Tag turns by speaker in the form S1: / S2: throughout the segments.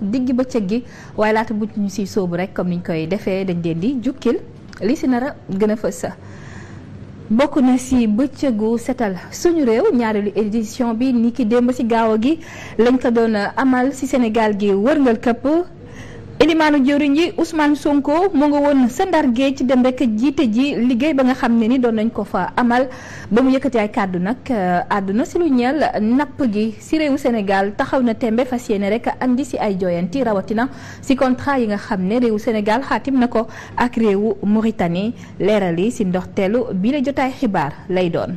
S1: digg bëccëg gi waaye laata bu ñu siy soobu rek comme ni ñu koy defee dañ leen di jukkil li si nara gën a fa sa bokk na si bëccëgu setal suñu réew ñaareelu édition bi ni ki démb si gaaw gi lañ ko doon amal si senegal gi wërngal këpp Elimaanu jëwriñ yi Ousmane Sonko mu nga woon sa ndargee ci dem rek jiite ji liggéey ba nga xam ne ni doon nañ ko fa amal ba mu yëkkati ay kàddu nag euh, àdduna si lu ñeel napp gi si réewu Sénégal taxaw na tembe fas yéene rek andi si ay jooyanti rawatina si contrat yi nga xam ne réewu Sénégal xaatim na ko ak réewu moritani leeral yi si ndoxteelu bi la jotaay xibaar lay doon.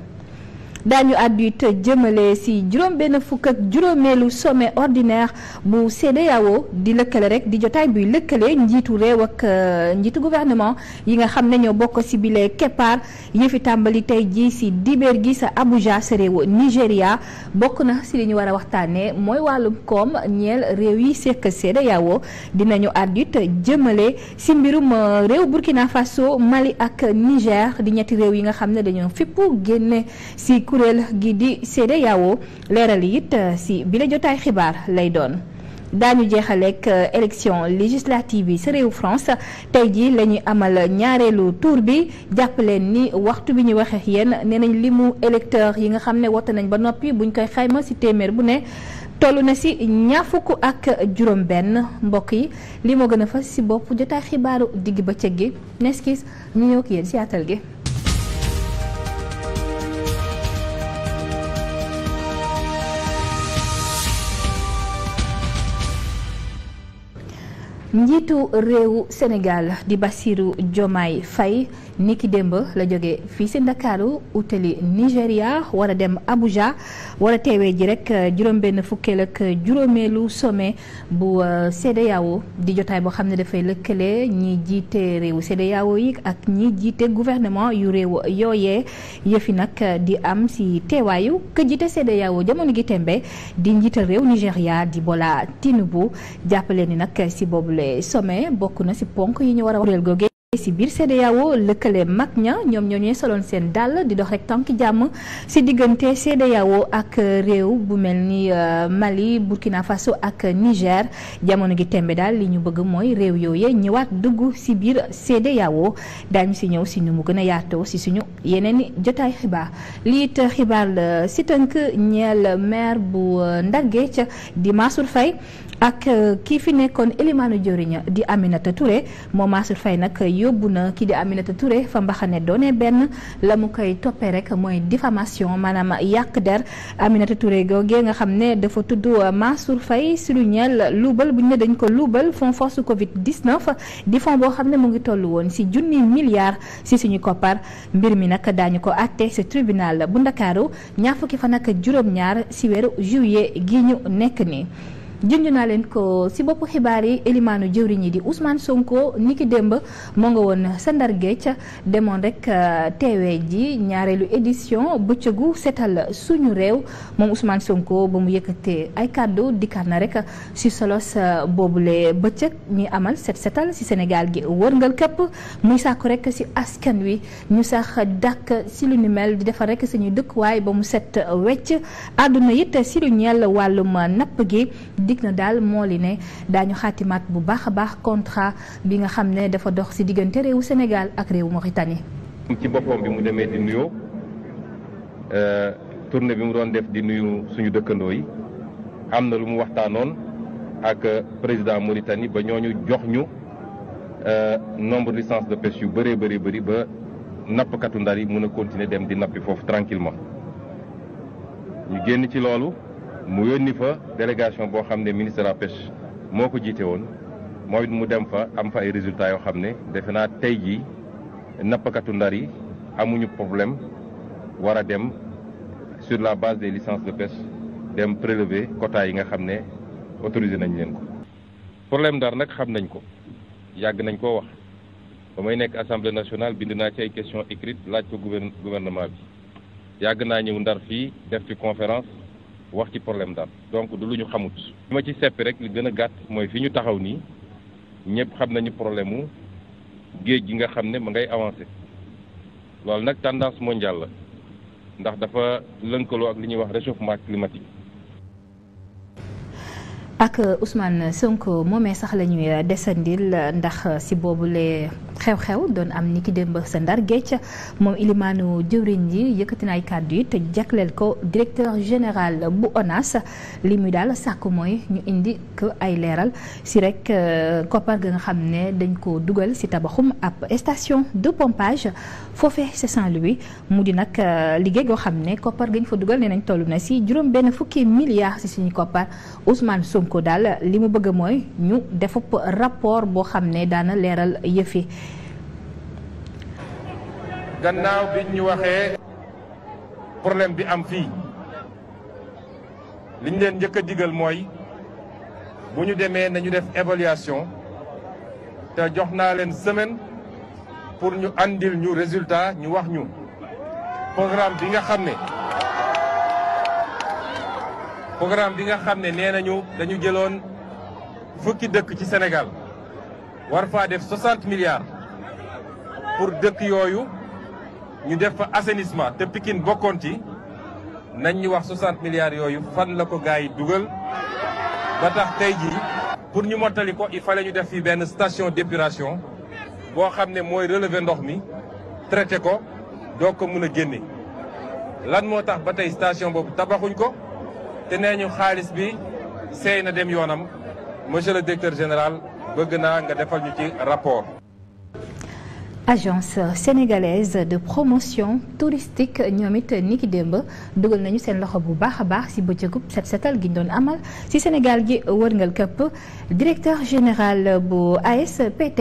S1: daañu àddu it jëmale si juróom benn fukk ak juróomeelu sommet ordinaire bu CEDEAO di lëkkale rek di jotaay buy lëkkale njiitu réew ak euh, njiitu gouvernement yi nga xam ne ñoo bokk si bile keppaar yëfi tàmbali tey jii si dibeer gi sa Abuja sa réew Nigéria bokk na si li ñu war a waxtaanee mooy wàllum koom ñeel réew yi sekk CEDEAO dinañu àddu it jëmale si mbirum euh, réew Burkina Faso Mali ak Niger di ñetti réew yi nga xam ne dañoo fippu génne si. kuréel gi di CEDEAO leeral yit euh, si bi la jotaay xibaar lay doon daañu jeexaleek euh, élection législative yi sa réew France tey ji lañuy amal ñaareelu tour bi jàpp jàppaleen ni waxtu bi ñu waxee yéen nee nañ li mu yi nga xam ne wote nañ ba noppi buñ koy xayma si téeméer bu ne toll na si ñaar ak juróom benn mbokk yi li moo gën a fas si bopp jotaay xibaaru digg bëccëg gi neskis ñu ñëw ak yéen si atal gi njiitu réew Sénégal di Bassirou Diomaye fay niki démb la jóge fii si Ndakaaru utali nigeria war a dem Abuja war a teewee ji rek euh, juróom-benn fukkeel ak juróomeelu sommet bu sedd euh, CEDEAO di jotaay boo xam ne dafay lëkkale ñi jiite réewu CEDEAO yi ak ñi jiite gouvernement yu réew yooyee yëfi nag euh, di am si teewaayu ka jiite CEDEAO jamono gi tembe di njiital réew Nigéria di Bola bu jàppale ni nag si boobule sommet bokk na si ponk yi ñu war a kuréel ci biir CEDEAO lëkkale mag ña ñoom ñoo ñooy soloon seen dàll di dox rek tànk jàmm ci diggante CEDEAO ak réew bu mel ni euh, Mali Burkina Faso ak Niger jamono gi tembe daal li ñu bëgg mooy réew yooye ñëwaat dugg ci biir CEDEAO daañu ci ñëw ci ñu mu gën a yaatoo ci suñu yeneen i jotaay xibaar lii it xibaar la ci tënk ñeel maire bu euh, Ndargeec di Mansour Faye ak euh, kii fi nekkoon Elimaanu Joriña di Aminata Touré moom Mansour Faye nag yóbbu na kii di Aminata Touré fa mbaxane doone benn la mu koy toppee rek mooy diffamation maanaam yàq der Aminata Touré googee nga xam ne dafa tudd Mansour Faye si lu ñeel luubal bu ñu ne dañu ko luubal fonds force Covid 19 di fonds boo xam ne mu ngi tollu woon si junni milliards si suñu koppar mbir mi nag daañu ko àtte si tribunal bu Ndakaaru ñaar fukki fa ak juróom-ñaar juillet gi ñu nekk nii. junj naa leen ko si boppu xibaar yi élimaanu jëwriñ yi di usmaan Sonko niki démb moo nga woon sa Ndar ca demoon rek euh, teewee ji ñaareelu édition bëccëgu setal suñu réew moom Ousmane Sonko ba mu yëkkatee ay kàddu dikkaat na rek si solos euh, boobule bëccëg ñuy amal set setal si Sénégal gi wërngal képp muy sàkku rekk si askan wi ñu sax dàkk si lu ni di defar rekk suñuy dëkkuwaay ba mu set wecc àdduna it si lu ñeel wàllum napp gi. dig na daal moo li ne daañu xaatimaat bu baax a baax contrat bi nga xam ne dafa dox ci diggante réewu Sénégal ak réewu Mauritanie.
S2: ci boppam bi mu demee di nuyoo euh, tournée bi mu doon def di nuyu suñu dëkkandoo yi am na lu mu waxtaanoon ak président moritani ba ñooñu jox ñu euh, nombre licence de pêche yu bëree bëri bëri ba nappkatu ndar yi mën a continuer dem di nappi foofu tranquillement ñu génn ci loolu. mu yónni fa délégation boo xam ne ministre de la moo ko jiite woon mooy mu dem fa am fa ay résultats yoo xam ne defe naa tey jii nappkatu ndar yi amuñu problème war a dem sur la base des licences de pêche dem prélever quotas yi nga xam ne autorisé nañ leen ko. problème ndar nag xam nañ ko yàgg nañ koo wax ba may nekk assemblée nationale bind naa ci ay questions écrites laaj ko gouvernement bi yàgg naa ñëw ndar fii def ci conférence. wax ci problème daal donc du lu ñu xamut. li ma ci sepp rek lu gën a gàtt mooy fi ñu taxaw nii ñëpp xam nañu problème mu géej gi nga xam ne ma ngay avancé loolu nag tendance mondiale la ndax dafa lënkaloo ak li ñuy wax réchauffement climatique.
S1: ak Ousmane Sonko moomee sax la ñuy desandil ndax si boobule. xew-xew doon am ni ki démb sa ndar géej moom ilimaanu jëwriñ ji yëkkati na ay kàddu yi te jagleel ko directeur général bu ONAS li muy daal sàkku mooy ñu indi ko ay leeral si rek euh, koppar ga nga xam ne dañ ko dugal si tabaxum ab station de pompage foofee c'est Saint-Louis mu di nag euh, liggéey goo xam ne koppar fa dugal ne nañ toll na si juróom benn fukki milliards si suñu koppar Ousmane ko daal li mu bëgg mooy ñu defu rapport boo xam ne daana leeral yëfi
S2: gannaaw bi ñu waxee problème bi am fii li ñu leen njëkk a digal mooy bu ñu demee nañu def évaluation te jox naa leen semaine pour ñu andil ñu résultat ñu wax ñu programme bi nga xam ne programme bi nga xam ne nee nañu dañu jëloon fukki dëkk ci senegal war faa def 60 milliards pour dëkk yooyu ñu def fa assainissement te Pikine bokkoon ci nañ ñu wax 60 milliards yooyu fan la ko gars yi dugal ba tax tey jii pour ñu mottali ko il fallait ñu def fii benn station d'épuration boo xam ne mooy relever ndox mi traité ko doo ko mën a génne. lan moo tax ba tey station boobu tabaxuñ ko te nee ñu xaalis bi seey na dem yoonam monsieur le directeur général bëgg naa nga defal ñu ci rapport.
S1: agence sénégalaise de promotion touristique ñoom it ni ki démb dugal nañu seen loxo bu baax a baax si bëccëgub set setal gi doon amal si Sénégal gi wërngal këpp directeur général bu ASPT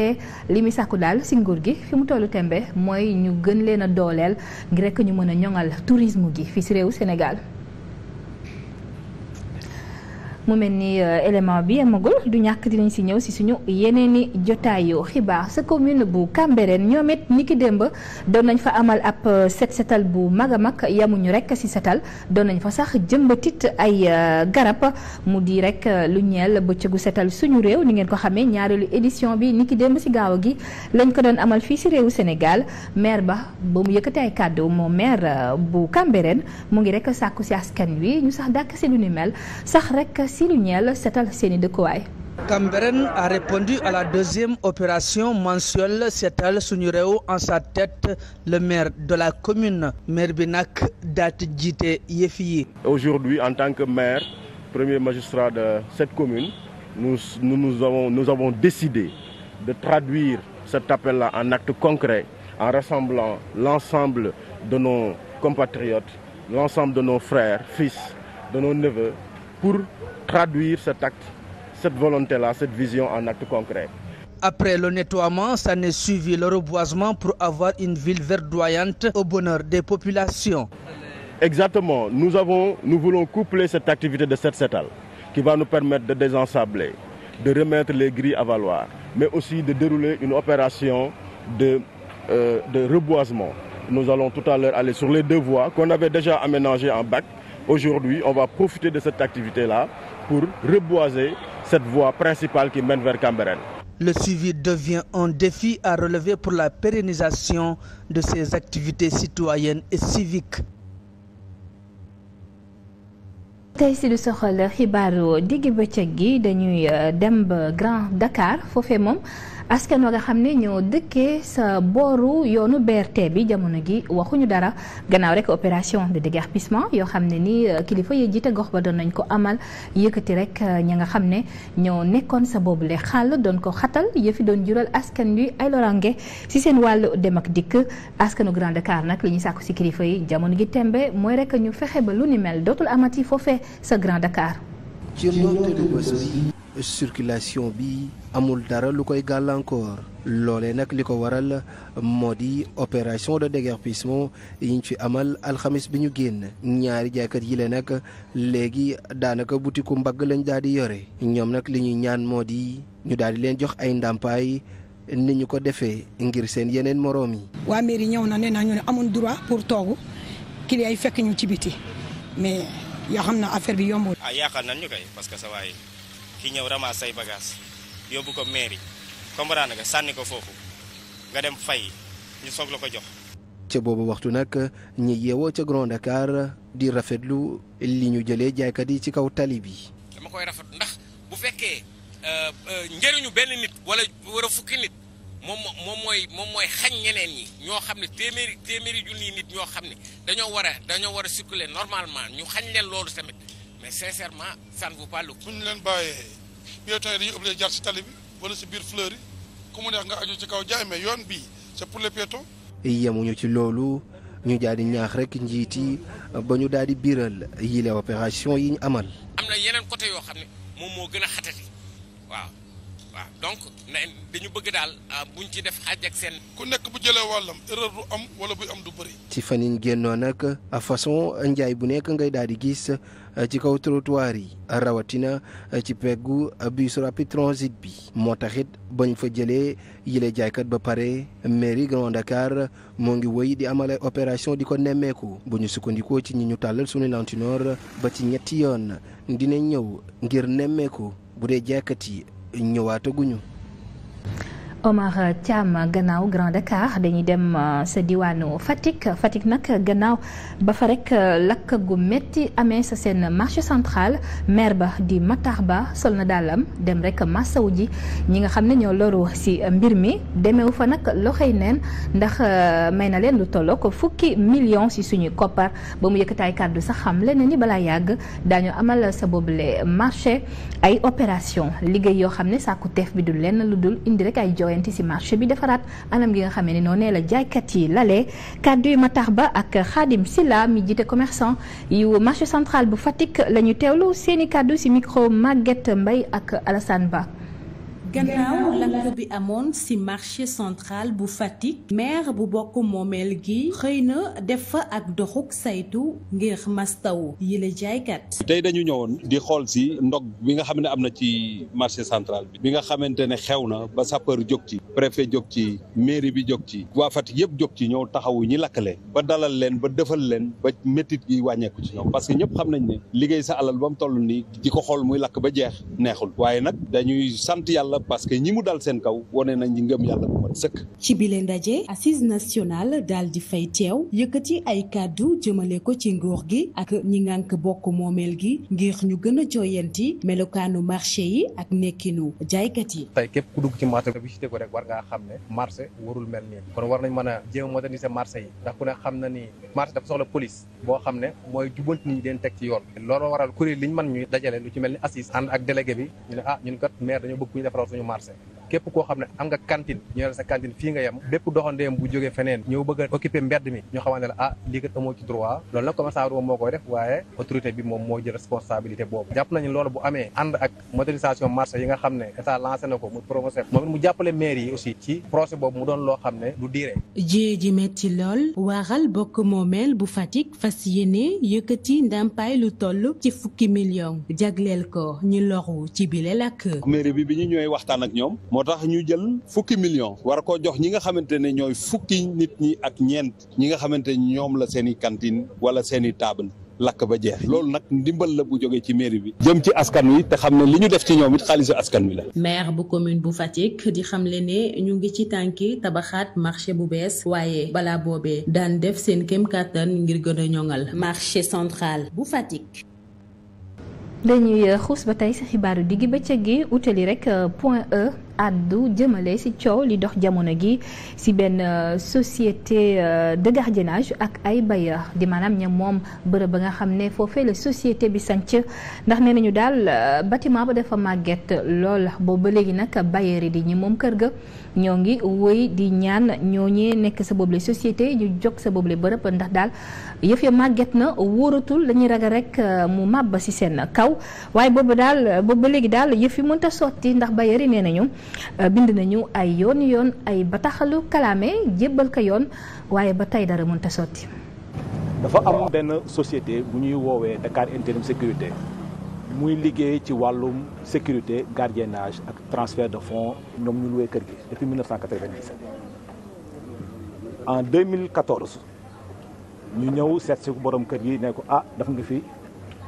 S1: li muy sàkku daal si nguur gi fi mu tollu tembe mooy ñu gën leen a dooleel ngir rek ñu mën a ñoŋal tourisme gi fi si réewu Sénégal. mu mel ni euh, élément bi amagul du ñàkk dinañ si ñëw si suñu yeneen yeneeni jotaayu xibaar sa commune bu Cambérène ñoom it ni ki démb doon nañ fa amal ab euh, set setal bu mag a mag yamuñu rek si setal doon nañ fa sax jëmbatit ay euh, garab mu di rek lu ñeel bëccëgu setal suñu réew ni ngeen ko xamee ñaareelu édition bi ni ki démb si gaaw gi lañ ko doon amal fii si réewu Sénégal maire ba ba mu yëkkati ay kàddu moom maire bu Cambérène mu ngi rek sàkku si askan wi ñu sax dàkk si lu ni mel sax rek si lu ñeel setal seeni dëkkuwaay.
S3: Cambérène a répondu à la deuxième opération mensuelle seetal suñu réew en sa tête le maire de la commune maire bi nag daat jiite yëf yi.
S4: Aujourd'hui en tant que maire premier magistrat de cette commune nous nous nous avons nous décidé de traduire cet appel-là en acte concret en rassemblant l'ensemble de nos compatriotes l'ensemble de nos frères fils de nos neveux pour traduire cet acte, cette volonté-là, cette
S3: vision en acte concret. Après le nettoiement, ça ne suivi le reboisement pour avoir une ville verdoyante au bonheur des populations. Exactement. Nous, avons,
S4: nous voulons coupler cette activité de cette cétale qui va nous permettre de désensabler, de remettre les grilles à valoir, mais aussi de dérouler une opération de, euh, de reboisement. Nous allons tout à l'heure aller sur les deux voies qu'on avait déjà aménagées en bac, Aujourd'hui, on va profiter de cette activité-là pour reboiser cette voie principale qui mène vers Cambérène.
S3: Le suivi devient un défi à relever pour la pérennisation de ces activités citoyennes et civiques.
S1: tey si lu soxal xibaaru gi dañuy euh, dem ba Grand Dakar foofee moom. askan wa nga xam ne ñoo dëkkee sa booru yoonu BRT bi jamono gi waxuñu dara gannaaw rek opération de déguerpissement yoo xam ne ni euh, kilifa yi jiite gox ba doon nañ ko amal yëkkati rek euh, ña nga xam ne ñoo nekkoon sa boobu boobule xàll doon ko xatal fi doon jural askan wi ay lorange ci seen wàll dem ak dikk askanu Grand Dakar nag li ñu sàkku si kilifa yi jamono gi tembe mooy rek ñu fexe ba lu ni mel dootul amati foofe sa Grand Dakar.
S3: circulation bi amul dara lu koy gàllankoor loolee nag li ko waral moo di opération de yi ñu fi amal alxamis bi ñu génn ñaari jaaykat yi le nag léegi daanaka butiku mbagg lañ daal di yore ñoom nag li ñuy ñaan moo di ñu daal di leen jox ay ndàmpaay ni ñu ko defee ngir seen yeneen moroom yi.
S5: waa mairie ñëw na nee na ñu ne amuñ droit pour toogu clients yi fekk ñu ci biti mais yaa xam na affaire bi yombul. ah
S6: yaakaar nañ ñu kay parce que sa waay ki ñëw ramasse say bagage yóbbu ko mairie comprendre nga sànni ko foofu nga dem fay ñu soog la ko jox.
S3: ca boobu waxtu nag ñi yeewoo ca Grand Dakar di rafetlu li ñu jëlee jaaykat yi ci kaw tali bi.
S6: dama koy rafet ndax bu fekkee euh, euh, njëriñu benn nit wala wala fukki nit moom mooy moom mooy xañ ñeneen ñi ñoo xam ne téeméeri téeméeri junni nit ñoo xam ne dañoo war a dañoo war a circuler normalement ñu xañ leen loolu tamit. mais sincèrement ça ne
S2: vaut pas ñu leen bàyyee yooyu tey dañuy obligé jaar si tali bi wala si biir fleur yi ku mu neex nga aju ci kaw jaay mais yoon bii c'est pour les piétons.
S3: yemuñu ci loolu ñu daal di ñaax rek njiit yi ba ñu daal di biiral yile opération yi ñu amal. am na yeneen côté yoo xam ne moom moo gën a xatati waaw
S2: waaw donc dañu bëgg daal ah, buñ ci def xaaj ak seen. ku nekk bu jëlee wàllam erreur du am wala
S3: buy am du bëri. ci fan yi génnoo nag façon njaay bu nekk ngay daal di gis. ci kaw trottoir yi rawatina ci peggu bus rapide transit bi moo taxit bañ fa jëlee yile jaaykat ba pare mairie Grand Dakar moo ngi woy di amale opération di ko nemmeeku bu ñu sukkandikoo ci ñi ñu tàllal suñu lantinoor ba ci ñetti yoon dina ñëw ngir nemmeeku bu dee jaaykat yi ñëwaataguñu
S1: Omar Thiam gannaaw Grand Dakar dañuy dem euh, sa diwaanu Fatick Fatick nag gannaaw ba fa rek euh, lakk gu métti amee sa seen marché central maire ba di Matar Ba sol na dàllam dem rek massawu ji ñi nga xam ne ñoo loru si mbir mi demeewu fa nag loxoy neen ndax euh, may na leen lu tollook fukki million si suñu koppar ba mu yëkkataay kàddu sax xam leneen ni balaa yàgg daañu amal sa boobule marché ay opération liggéey yoo xam ne sàkku teef bi du lenn lu dul indi werante ci marché bi defaraat anam gi nga xamee ne noonu la jaaykat yi lale kàddu yi ma tax ba ak Khadim Silla mi jiite commerçant yu marché central bu Fatick la ñu teewlu seeni kàddu ci micro Maguette mbay ak Alassane Ba.
S5: gannaaw lakk bi amoon ci marché central bu Fatick maire bu bokk moomeel gi xëy na def fa ak doxuk saytu ngir mastawu yi la jaaykat
S7: tey dañu ñëwoon di xool si ndog bi nga xam ne am na ci marché central bi bi nga xamante ne xew na ba sapeur jóg ci préfet jóg ci mairie bi jóg ci waa Fatick yëpp jóg ci ñëw taxawu ñi lakkale ba dalal leen ba defal leen ba métit gi wàññeeku ci ñoom parce que ñëpp xam nañ ne liggéey sa alal ba mu toll nii di ko xool muy lakk ba jeex neexul parce que ñi mu dal seen kaw wane nañ ñi ngëm yàlla bu mat sëkk.
S5: ci bile ndaje assise nationale daal di fay teew yëkkati ay kàddu jëmale ko ci nguur gi ak ñi ngànk bokk moomeel gi ngir ñu gën a jooyanti melokaanu marché yi ak nekkinu jaaykat yi.
S8: tey képp ku dugg ci marché bi visité ko rek war ngaa xam ne marché warul mel nii kon war nañ mën a jéem a moderniser marché yi ndax ku ne xam na ni marché dafa soxla police boo xam ne mooy jubanti nit ñi leen teg ci yoon loolu waral kuréel liñ mën ñuy dajale lu ci mel ni assise ànd ak suñu marché képp koo xam ne am nga cantine ñu ne sa cantine fii nga yem bépp doxandeem bu jógee feneen ñëw bëgg a occuper mbedd mi ñu xamante ne ah lii kat ci droit loolu nag commerçant moo koy def waaye autorité bi moom moo jël responsabilité boobu jàpp nañu loolu bu amee ànd ak modernisation marché yi nga xam ne état lancé na ko mu promotion moom mu jàppale maire yi aussi ci projet boobu mu doon loo xam ne du diire
S5: jiyee ji metti lool waaral bokk moomeel bu Fatick fas yéene yëkkati ndàmpaay lu ci fukki million jagleel ko ñu loru ci bile lakk
S7: mairie bi bi ñu ñooy waxtaan ak ñoom tax ñu jël fukki million war koo jox ñi nga xamante ne ñooy fukki nit ñi ak ñeent ñi nga xamante ne ñoom la seen i cantine wala seen i lakk ba jeex loolu nag ndimbal la bu jógee ci mairie bi. jëm ci askan wi te xam ne li ñu def ci ñoom it xaalisu askan wi la.
S5: maire bu commune bu Fatick di xamle ne ñu ngi ci tànki tabaxaat marché bu bees. waaye balaa boobee daan def seen kem kàttan ngir gën ñoŋal. marché central bu Fatick.
S1: dañuy xuus rek point e. àddu jëmale si coow li dox jamono gi si benn euh, société euh, de gardiennage ak ay bailleurs di maanaam ña moom bërëb ba nga xam ne foofee la société bi sanc ndax nee nañu daal euh, bâtiment ba dafa màgget lool boobu ba léegi nag bailleurs yi di ñi moom kër ga ñoo ngi wëy di ñaan ñoo ñooñee nekk sa boobule société ñu jog sa boobule bërëb ndax daal yëf ya màgget na wóoratul dañuy ragal rek mu màbb si seen kaw waaye boobu daal boobu ba léegi daal yëf yi mënta sotti ndax bailleurs yi nee nañu Euh, bind nañu ay yoon yoon ay bataaxalu kalaame jébbal ko yoon waaye ba tey dara mënta sotti.
S7: dafa am benn société bu ñuy woowee Dakar Interim Sécurité muy liggéey ci wàllum sécurité gardiennage ak transfert de fonds ñoom ñu luwee kër gi depuis 1997. en 2014 ñu ñëw seet si borom kër gi ne ko ah daf nga fi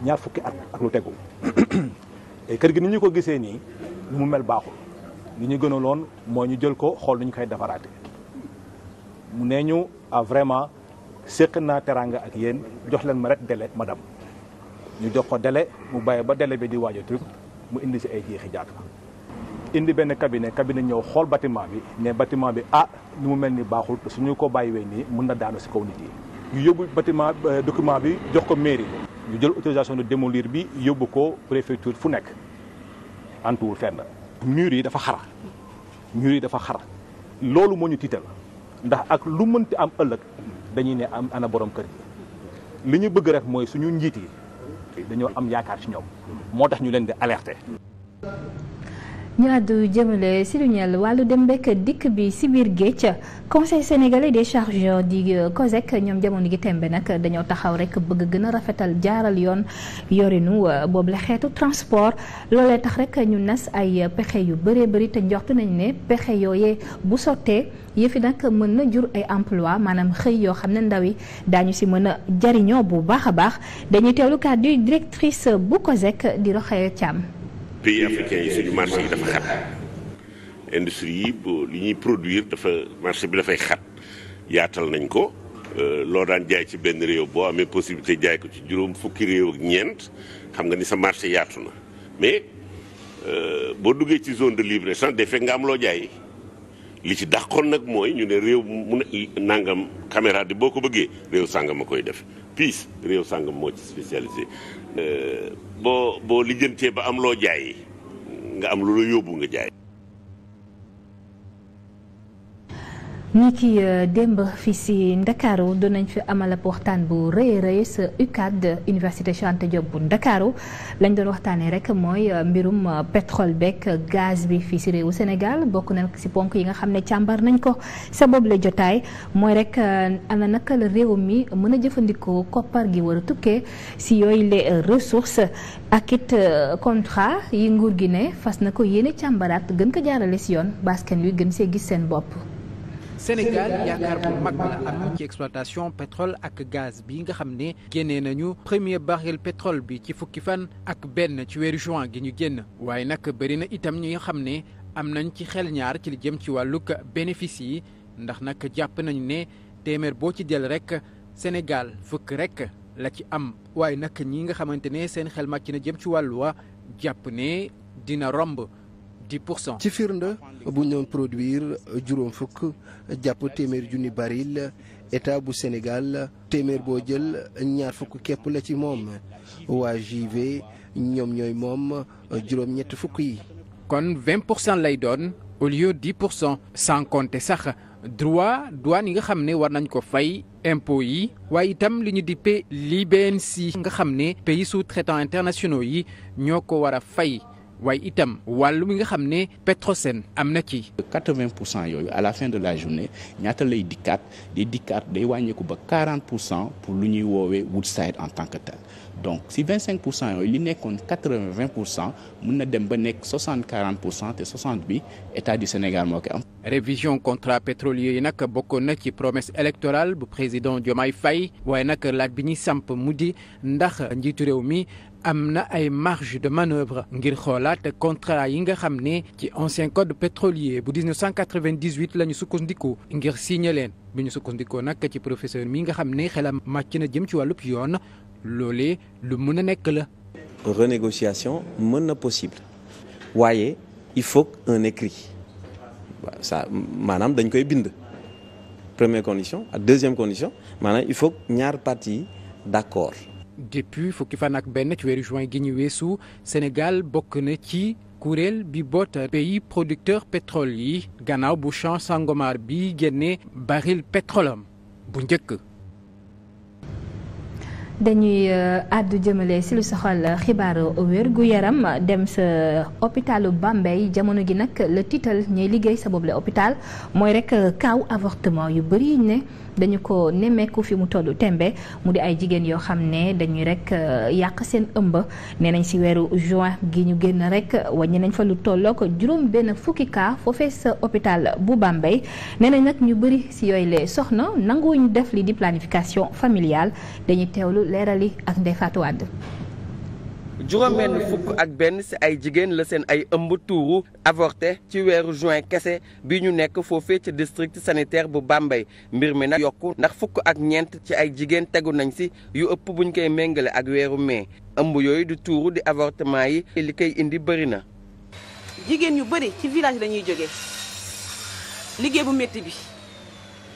S7: ñaar fukki at ak lu tegu kër gi ni ñu ko gisee nii lu mu mel baaxul. li ñu gënaloon moo ñu jël ko xool nu ñu koy defaraate mu nee ñu ah vraiment séq naa teraanga ak yéen jox leen ma rek délai madame ñu jox ko délai mu bàyyi ba délai bi di waaj a mu indi si ay jeexi jaata indi benn cabinet cabinet ñëw xool batiment bi ne batiment bi ah nu mu mel ni baaxul te ñu ko bàyyiwee nii mun na daanu si kaw nit yi. ñu yóbbu bâtiment euh, document bi jox ko mairie ñu jël autorisation de démolir bi yóbbu ko préfecture fu nekk antuwul fenn. mur yi dafa xar mur yi dafa xar loolu moo ñu tiital ndax ak lu mënti am ëllëg dañuy ne am ana borom kër gi li ñu bëgg rek mooy suñu njiit yi dañoo am yaakaar ci ñoom moo tax ñu leen di alerter
S1: ñu àddu jëmale si lu ñeel wàllu dem bekk dikk bi si biir géej conseil sénégalais des chargeurs di euh, COSEC ñoom jamono gi tembe nag dañoo taxaw rek bëgg gën a rafetal jaaral yoon yorinu euh, boobu la xeetu transport loolee tax rek ñu nas ay pexe yu bëree bëri te njort nañu ne pexe yooyee bu sottee yëfi nag mën na jur ay emploi maanaam xëy yoo xam ne ndaw yi daañu si mën a jariñoo bu baax a baax dañuy teewlu kàddu directrice bu COSEC di Roxaya caam
S4: pays africains yi suñu marché yi dafa xat industrie yi li ñuy produire dafa marché bi dafay xat yaatal nañ ko euh, loo daan jaay ci benn réew boo amee possibilité jaay ko ci juróom fukki réew ak ñeent xam nga ni sa marché yaatu na mais euh, boo duggee ci zone de libre-échange day fekk nga am loo jaay li ci dàqoon nag mooy ñu ne réew mu ne nangam caméra di boo ko bëggee réew sàngam a koy def piis réew sàngam moo ci spécialisé euh, boo boo lijjantee ba am loo jaay nga am lu la nga jaay.
S1: ñi ki euh, démb fii si Ndakaaru doon nañ fi amal waxtaan bu rëy rëy sa UCAD Université chante Anta Diop bu Ndakaaru lañ doon waxtaanee rek mooy euh, mbirum euh, pétrole beeg gaz bi fii si réewu Sénégal bokk na si ponk yi nga xam ne càmbar nañ ko sa boobu jotaay mooy rek ana naka la réew mi mën a jëfandikoo koppar gi war a tukkee si yooyu les ressources ak it yi nguur gi ne fas na ko yéene càmbaraat gën ko jaarale si yoon basken wi gën see gis seen bopp.
S8: Sénégal yaakaar bu mag la am ci exploitation pétrole ak gaz bi nga xam ne génnee nañu premier baril pétrole bi ci fukki fan ak benn ci weeru juin gi ñu génn waaye nag bëri na itam ñi nga xam ne am nañ ci xel ñaar ci li jëm ci wàllug bénéfice yi ndax nag jàpp nañu ne téeméer boo ci jël rek Sénégal fukk rek la ci am waaye nag ñi nga xamante ne seen xel màcc na jëm ci wàllu wa jàpp ne dina romb dix pour cent.
S3: ci firnde bu ñu doon produire juróom fukk jàpp téeméer junni baril état bu Sénégal téeméer boo jël ñaar fukk képp la ci moom waa JV ñoom ñooy moom juróom ñetti fukk yi. kon vingt pour cent
S8: lay doon au lieu dix pour sax. droit douane yi nga xam ne war nañ ko fay impôts yi waaye itam li ñu dippe l'IBNC nga xam ne pays sous-traitants yi ñoo ko war a fay waaye itam wàllu mi nga xam ne Petrosen am na ci. 80 pour cent yooyu à la fin de la journée ñaata lay dikkaat day dikkaat day wàññeeku ba 40 pour cent pour lu ñuy woowee Woodside en tant que tel donc si 25 pour cent yooyu li nekkoon 80 20 pour cent mun na dem ba nekk 60 40 pour cent te bi état du Sénégal moo ko am. révision contrat pétrolier yi nag bokkoon na ci promesse électorale bu président Diomaye fay waaye nag laaj bi ñuy samp mu di ndax njiitu réew mi. am na ay marge de manœuvre ngir xoolaat te contrat yi nga xam ne ci ancien code pétrolier bu 1998 la ñu sukkandiku ngir signé leen bi ñu sukkandikoo nag ci professeur mi nga xam ne xelam màcc na jëm ci wàllub yoon loolee lu mën a nekk la.
S4: renégociation mën na possible waaye il faut un écrit ça maanaam dañ koy bind première condition ak deuxième condition maanaam il faut ñaar parties yi d' accord.
S8: depuis fukki fan ak benn ci weeru juin gi ñu weesu Sénégal bokk na ci kuréel bi boot pays producteur pétrole yi gannaaw bu champ Sangomar bi génnee baril pétrole am bu njëkk.
S1: dañuy euh, àddu jëmale si lu soxal xibaaru wér gu yaram dem sa hôpitalu Bambey jamono gi nag la tiital ñuy liggéey sa boobu la hôpital mooy rek euh, kaw avortement yu bëri ne. dañu ko nemmeeku fi mu tollu tembe mu di ay jigéen yoo xam ne dañuy rek euh, yàq seen ëmb nee nañ ci weeru juin gi ñu génn rek wàññi nañ fa lu tollook juróom benn fukki cas foofee sa hôpital bu Bambey nee nañ nag ñu bëri ci yooyu lee soxna nanguwuñu def li di planification familial dañuy teewlu leerali ak Ndeye Fatou Wade
S6: juróom fukk ak benn si ay jigéen la seen ay ëmb tuuru avorté ci weeru juin kese bi ñu nekk foofee ci district sanitaire bu Bambey mbir mi na yokku ndax fukk ak ñeent ci ay jigéen tegu nañ si yu ëpp buñ koy méngale ak weeru mai ëmb yooyu di tuuru di avortement yi li koy indi bëri na.
S9: jigéen yu bëri ci village lañuy jóge liggéey bu métti bi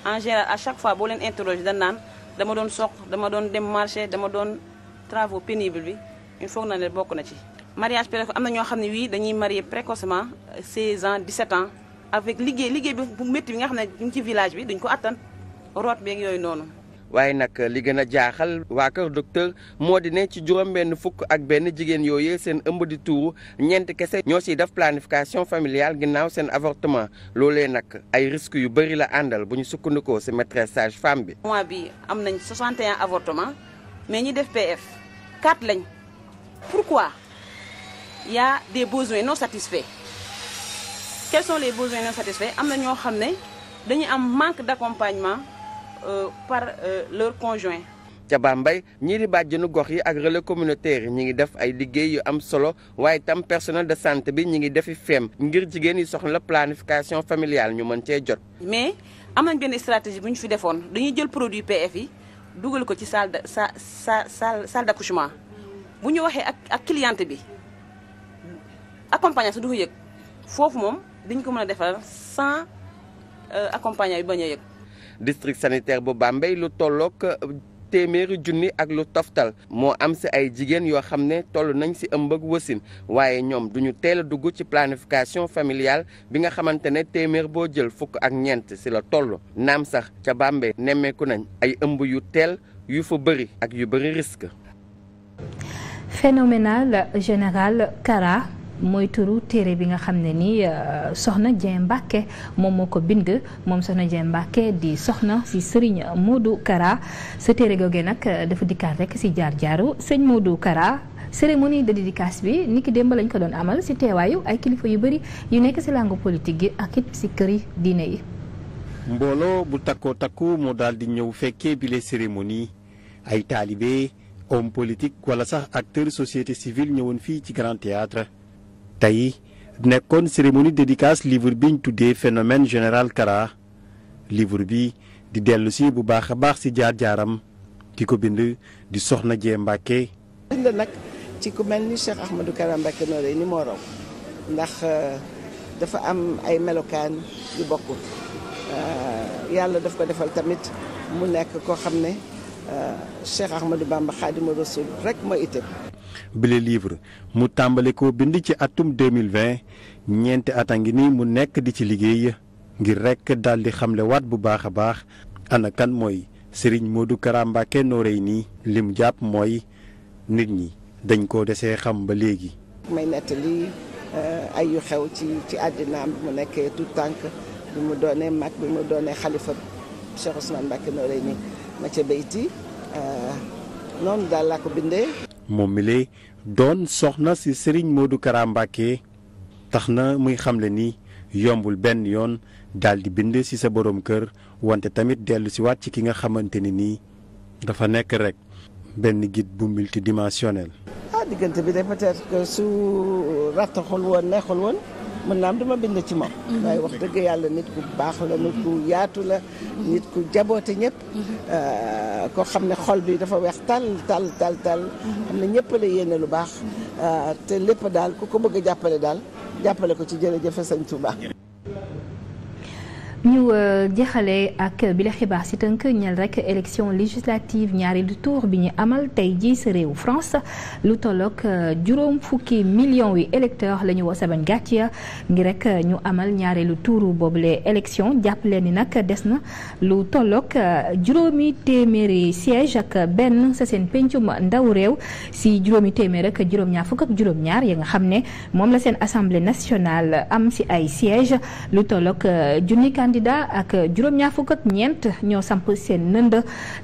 S9: en général à chaque fois boo leen interroger dañ naan dama doon soq dama doon dem marché dama doon travaux pénible bi. foog na ne bokk na ci. mariage précoce am na ñoo xam ne wii dañuy marier précocement 16 ans 17 ans avec liggéey liggéey bi bu métti bi nga xam ne ñu ci village bi duñ ko attan root beeg yooyu noonu.
S6: waaye nag li gën a jaaxal waa kër docteur moo di ne ci juróom-benn fukk ak benn jigéen yooyu seen ëmb di tuuru ñeent kese ñoo ciy def planification familiale ginnaaw seen avortement loolee nag ay risques yu bëri la àndal bu ñu sukkandikoo si maîtresse sage
S9: bi. mois bi am nañ 61 avortement mais ñi def PF 4 lañ. Pourquoi il y des besoins non satisfaits quels sont les besoins non satisfaits am na ñoo xam ne dañu am manque d'accompagnement euh, par euh, leur conjoint
S6: ca Bambey ñii di bàjjenu gox yi ak relais communautaire yi ñi ngi def ay liggéey yu am solo waaye tam personnel de santé bi ñu ngi defi feem ngir jigéen yi soxla planification familiale ñu mën cee jot.
S9: mais am nañ benn stratégie bu ñu fi defoon dañuy jël produit PF yi dugal ko ci salle de sa sa salle d'accouchement bu ñu waxee ak ak cliente bi accompagnateur du ko yëg foofu moom dañ ko mën a defal sans euh, accompagnateur yi bañ a
S6: district sanitaire bu Bambey lu tollook euh, téeméeri junni ak lu toftal moo am si ay jigéen yoo xam ne toll nañ si ëmb ak wasin waaye ñoom duñu teel a dugg ci planification familiale bi nga xamante ne téeméer boo jël fukk ak ñeent si la toll naam sax ca Bambey nemmeeku nañ ay ëmb yu teel yu fa bëri ak yu bëri risque.
S1: phénoménal général Kara mooy turu téere bi nga xam ne ni euh, soxna Dieng Mbacke moom moo ko bind moom soxna Dieng Mbacke di soxna si Serigne Modou Kara sa téere googee nag euh, dafa dikkaat rek si jaar jaaru sëñ Modou Kara cérémonie de dédicace bi ki démb lañ ko doon amal si teewaayu ay kilifa yu bëri yu nekk si làngu politique gi ak it si kër yi diine yi.
S4: mbooloo bu takkoo takku moo daal di ñëw fekkee bile cérémonie ay taalibe. homme politique wala sax acteur société civile ñëwoon fii ci grand théâtre tey nekkoon cérémonie dédicace livre ñu tuddee phénomène général Kara livre bi di dellu si bu baax a baax si jaar-jaaram di ko bind di soxna Jee Mbàkke
S10: bind nag ci ku mel ni Cheikh Ahmadou Kara Mbacké Noreyni ni moo raw ndax euh, dafa am ay melokaan yu bokkul euh, yàlla daf ko defal tamit mu nekk koo xam ne Euh, Cheikh Ahmadou Bamba Khadimou Rassoul rek ma itam.
S4: bile livre mu tàmbali ko bind ci atum 2020 ñeenti at a ngi nii mu nekk di ci liggéey ngir rek daal di xamle waat bu baax a baax ana kan mooy Serigne Modou Kara Mbacké Noreyni li mu jàpp mooy nit ñi dañ koo desee xam ba léegi.
S10: may nettali euh, ay yu xew ci ci àddinaam bi mu nekkee tout tànk bi mu doonee mag bi mu doonee xalifa Cheikh Ousmane Mbacké Noreyni Mathieu Beyti euh, noonu daal laa ko bindee.
S4: moom mi lay doon soxna si sëriñ Modou Kara Mbacké tax na muy xamle ni yombul benn yoon daal di bind si sa boroom kër wante tamit dellu si wàcc ki nga xamante ni nii dafa nekk rek benn guide bu multidimensionnel.
S10: ah diggante bi de peut que su rattaxul woon neexul woon. mën naam dama bind ci moom mhm. waaye wax dëgg yàlla nit ku baax la nit ku yaatu la nit ku jaboote ñëpp mhm. euh, koo xam ne xol bi dafa weex tal tal tal mhm. xam ne ñëpp la yéene lu baax euh, te lépp daal ku ko bëgg jàppale daal jàppale ko ci jërëjëf sëñ Touba
S1: ñu euh, jeexalee ak bi la xibaar si tënk ñel rek élection législative ñaari lu tour bi ñu amal tey jii sa réew France lu tollook euh, juróom fukki million wi électeurs la ñu woo Sébène Gathie ngir rek euh, ñu amal ñaareelu tuuru boobule élection jàpp leen ni nag des na lu tollook juróomi téeméeri siège ak benn sa seen pencum ndaw réew si juróomi téeméer ak juróom-ñaar fukk ak juróom-ñaar ya nga xam ne moom la seen assemblée nationale am si ay siège lu tollook junnikaan candidat ak juróom-ñaar fukk ak ñeent ñoo samp seen nënd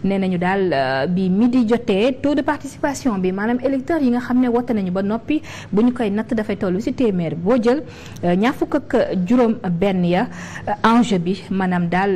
S1: nee nañu daal euh, bi di jotee taux de participation bi maanaam électeurs yi nga xam ne wote nañu ba noppi bu ñu koy natt dafay toll ci téeméer boo jël euh, ñaar fukk ak juróom benn ya euh, enjeu bi maanaam daal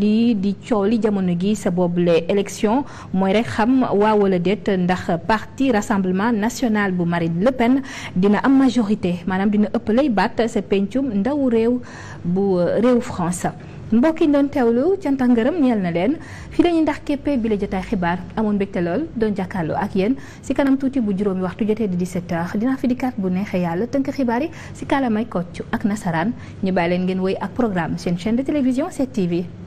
S1: lii di coow li jamono gi sa boobule élection mooy rek xam waaw wala déet ndax parti rassemblement national bu Marine Le Pen dina am majorité maanaam dina ëpp lay baat sa pencum ndaw réew bu réew France Fass mbokk yi doon teewlu cant ak ngërëm ñeel na leen fii la ñuy ndax képpe bi la jotaay xibaar amoon mbégte lool doon jàkkaarloo ak yéen si kanam tuuti bu juróomi waxtu jotee di 17h dinaa fi dikkaat bu neexee yàlla tënk xibaar yi si kàllaamay kocc ak nasaraan ñu bàyyi leen ngeen woy ak programme seen chaîne de télévision 7TV.